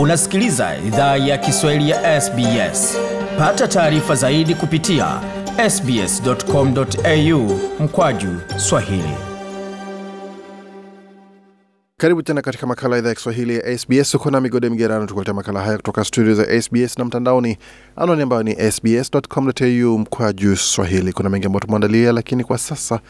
Unasikiliza idhaa ya Kiswahili ya SBS. Pata taarifa zaidi kupitia sbs.com.au mkwaju swahili. Karibu tena katika makala idhaa ya Kiswahili ya SBS. ukona migode migerano, tukuletea makala haya kutoka studio za SBS na mtandaoni, anaoni ambayo ni sbs.com.au mkwaju swahili. Kuna mengi ambayo tumeandalia, lakini kwa sasa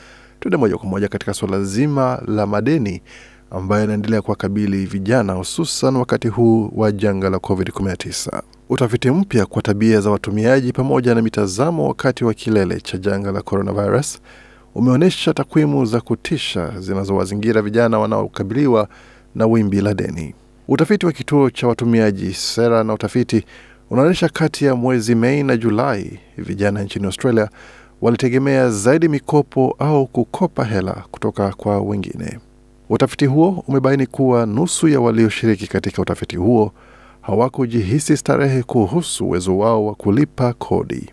tuende moja kwa moja katika suala zima la madeni ambayo inaendelea kuwakabili vijana hususan wakati huu wa janga la COVID-19. Utafiti mpya kwa tabia za watumiaji pamoja na mitazamo wakati wa kilele cha janga la coronavirus umeonyesha takwimu za kutisha zinazowazingira vijana wanaokabiliwa na wimbi la deni. Utafiti wa kituo cha watumiaji sera na utafiti unaonyesha kati ya mwezi Mei na Julai vijana nchini Australia walitegemea zaidi mikopo au kukopa hela kutoka kwa wengine. Utafiti huo umebaini kuwa nusu ya walioshiriki katika utafiti huo hawakujihisi starehe kuhusu uwezo wao wa kulipa kodi.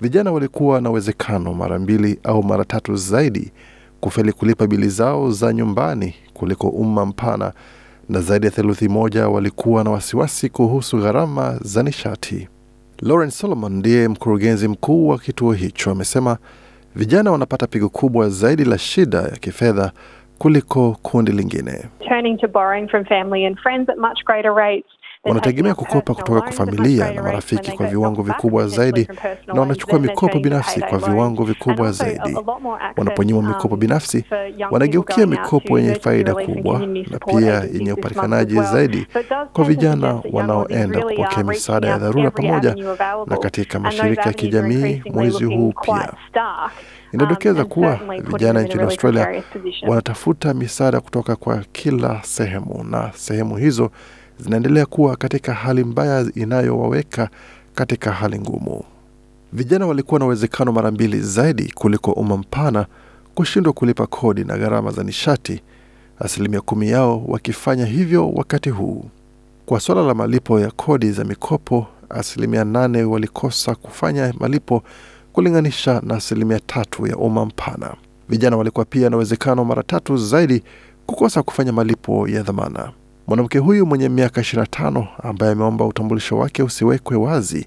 Vijana walikuwa na uwezekano mara mbili au mara tatu zaidi kufeli kulipa bili zao za nyumbani kuliko umma mpana, na zaidi ya theluthi moja walikuwa na wasiwasi kuhusu gharama za nishati. Lawrence Solomon ndiye mkurugenzi mkuu wa kituo hicho, amesema vijana wanapata pigo kubwa zaidi la shida ya kifedha kuliko kundi lingine. Turning to borrowing from family and friends at much greater rates wanategemea kukopa kutoka kwa familia na marafiki kwa viwango vikubwa zaidi, na wanachukua um, mikopo binafsi kwa viwango vikubwa zaidi. Wanaponyimwa mikopo binafsi, wanageukia mikopo yenye faida kubwa na pia yenye upatikanaji zaidi kwa vijana wanaoenda kupokea um, misaada ya dharura pamoja na katika mashirika ya kijamii. Mwezi huu pia inadokeza um, kuwa vijana nchini Australia wanatafuta misaada kutoka kwa kila sehemu na sehemu hizo zinaendelea kuwa katika hali mbaya inayowaweka katika hali ngumu. Vijana walikuwa na uwezekano mara mbili zaidi kuliko umma mpana kushindwa kulipa kodi na gharama za nishati, asilimia kumi yao wakifanya hivyo wakati huu. Kwa suala la malipo ya kodi za mikopo, asilimia nane walikosa kufanya malipo kulinganisha na asilimia tatu ya umma mpana. Vijana walikuwa pia na uwezekano mara tatu zaidi kukosa kufanya malipo ya dhamana. Mwanamke huyu mwenye miaka 25 ambaye ameomba utambulisho wake usiwekwe wazi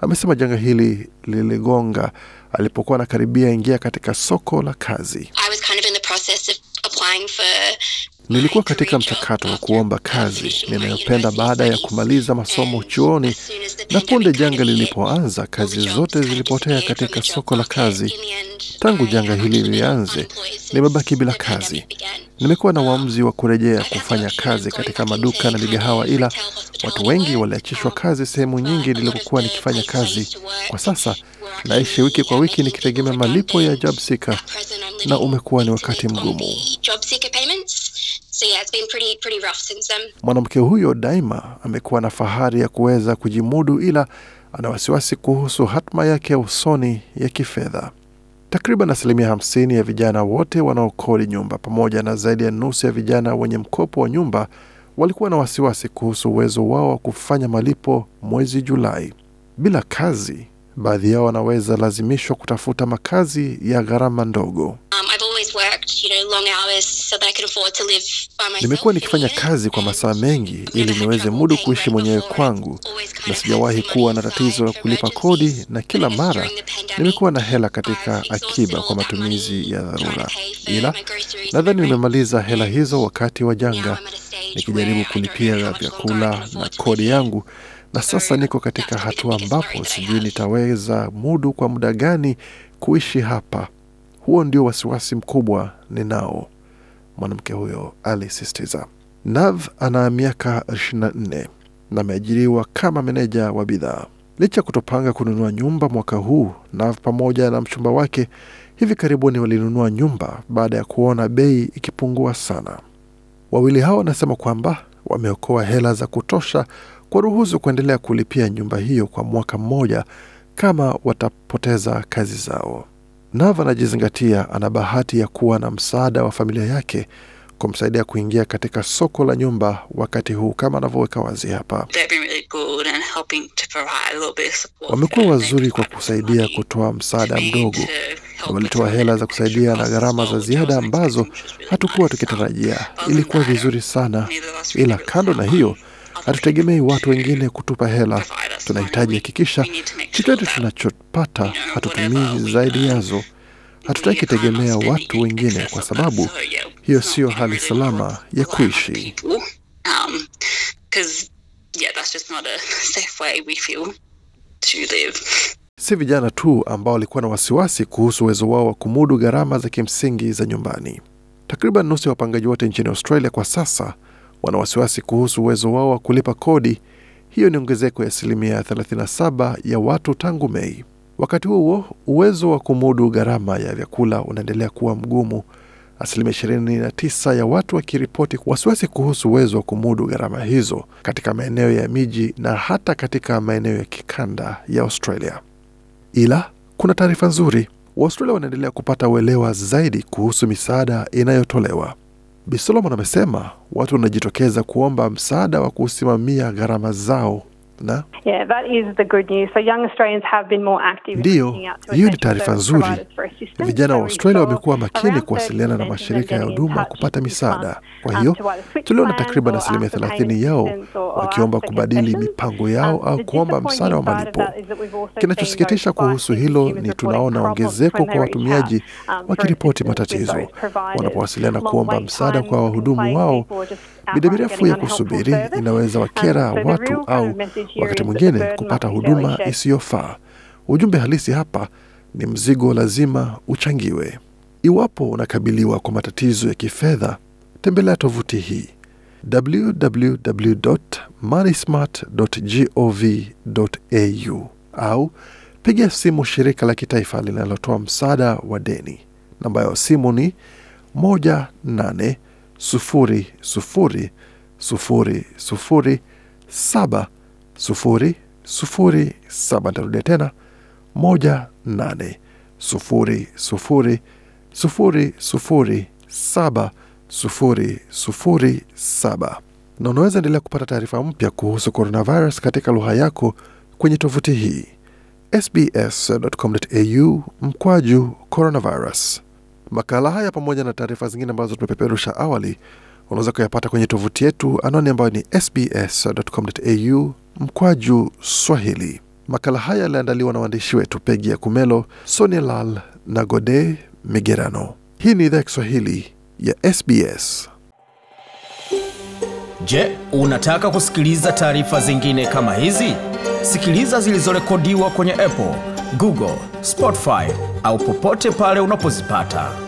amesema janga hili liligonga alipokuwa anakaribia ingia katika soko la kazi. I was kind of in the Nilikuwa katika mchakato wa kuomba kazi ninayopenda baada ya kumaliza masomo chuoni, na punde janga lilipoanza, kazi zote zilipotea katika soko la kazi. Tangu janga hili lianze nimebaki bila kazi. Nimekuwa na uamuzi wa kurejea kufanya kazi katika maduka na migahawa, ila watu wengi waliachishwa kazi sehemu nyingi nilipokuwa nikifanya kazi. Kwa sasa naishi wiki kwa wiki nikitegemea malipo ya JobSeeker, na umekuwa ni wakati mgumu. So yeah, it's been pretty, pretty rough since then. Mwanamke huyo daima amekuwa na fahari ya kuweza kujimudu, ila ana wasiwasi kuhusu hatma yake ya usoni ya kifedha. Takriban asilimia 50 ya vijana wote wanaokodi nyumba pamoja na zaidi ya nusu ya vijana wenye mkopo wa nyumba walikuwa na wasiwasi kuhusu uwezo wao wa kufanya malipo mwezi Julai. Bila kazi, baadhi yao wanaweza lazimishwa kutafuta makazi ya gharama ndogo. Um, Nimekuwa nikifanya kazi kwa masaa mengi ili niweze mudu kuishi mwenyewe kwangu, na sijawahi kuwa na tatizo la kulipa kodi, na kila mara nimekuwa na hela katika akiba kwa matumizi ya dharura, ila nadhani nimemaliza hela hizo wakati wa janga, nikijaribu kulipia vyakula na kodi yangu na sasa niko katika hatua ambapo sijui nitaweza mudu kwa muda gani kuishi hapa. Huo ndio wasiwasi mkubwa ninao, mwanamke huyo alisisitiza. Nav ana miaka 24 na ameajiriwa kama meneja wa bidhaa. Licha ya kutopanga kununua nyumba mwaka huu, Nav pamoja na mchumba wake hivi karibuni walinunua nyumba baada ya kuona bei ikipungua sana. Wawili hao wanasema kwamba wameokoa hela za kutosha kwa ruhusu kuendelea kulipia nyumba hiyo kwa mwaka mmoja kama watapoteza kazi zao. Nava anajizingatia, ana bahati ya kuwa na msaada wa familia yake kumsaidia kuingia katika soko la nyumba wakati huu, kama anavyoweka wazi hapa. Wamekuwa wazuri kwa kusaidia kutoa msaada mdogo, na walitoa hela za kusaidia na gharama za ziada ambazo hatukuwa tukitarajia. Ilikuwa vizuri sana, ila kando na hiyo Hatutegemei watu wengine kutupa hela, tunahitaji hakikisha chochote tunachopata hatutumii zaidi yazo. Hatutaki tegemea watu wengine, kwa sababu hiyo sio hali salama ya kuishi. Um, si vijana tu ambao walikuwa na wasiwasi kuhusu uwezo wao wa kumudu gharama za kimsingi za nyumbani. Takriban nusu ya wapangaji wote nchini Australia kwa sasa wana wasiwasi kuhusu uwezo wao wa kulipa kodi. Hiyo ni ongezeko ya asilimia 37 ya watu tangu Mei. Wakati huo huo, uwezo wa kumudu gharama ya vyakula unaendelea kuwa mgumu, asilimia 29 ya watu wakiripoti wasiwasi kuhusu uwezo wa kumudu gharama hizo katika maeneo ya miji na hata katika maeneo ya kikanda ya Australia. Ila kuna taarifa nzuri, Waustralia wanaendelea kupata uelewa zaidi kuhusu misaada inayotolewa bisolomon amesema watu wanajitokeza kuomba msaada wa kusimamia gharama zao Ndiyo, hiyo ni taarifa nzuri. Vijana wa Australia wamekuwa makini kuwasiliana na mashirika ya huduma kupata misaada. Kwa um, hiyo tuliona takriban asilimia thelathini yao wakiomba kubadili mipango um, yao au kuomba msaada wa malipo. Kinachosikitisha kuhusu hilo ni tunaona ongezeko kwa watumiaji um, wakiripoti matatizo wanapowasiliana kuomba msaada kwa wahudumu wao Mida mirefu ya kusubiri inaweza wakera watu au wakati mwingine kupata huduma isiyofaa. Ujumbe halisi hapa ni mzigo lazima uchangiwe. Iwapo unakabiliwa kwa matatizo ya kifedha, tembelea tovuti hii www.moneysmart.gov.au au piga simu shirika la kitaifa linalotoa msaada wa deni. Namba ya simu ni 18 sufuri sufuri sufuri sufuri saba sufuri sufuri saba. Nitarudia tena moja nane sufuri sufuri sufuri sufuri saba sufuri sufuri saba. Na unaweza endelea kupata taarifa mpya kuhusu coronavirus katika lugha yako kwenye tovuti hii sbs.com.au mkwaju coronavirus. Makala haya pamoja na taarifa zingine ambazo tumepeperusha awali unaweza kuyapata kwenye tovuti yetu, anwani ambayo ni sbs.com.au mkwaju swahili. Makala haya yaliandaliwa na waandishi wetu Pegi ya Kumelo, Sonia Lal na Gode Migerano. Hii ni idhaa ya Kiswahili ya SBS. Je, unataka kusikiliza taarifa zingine kama hizi? Sikiliza zilizorekodiwa kwenye Apple, Google, Spotify au popote pale unapozipata.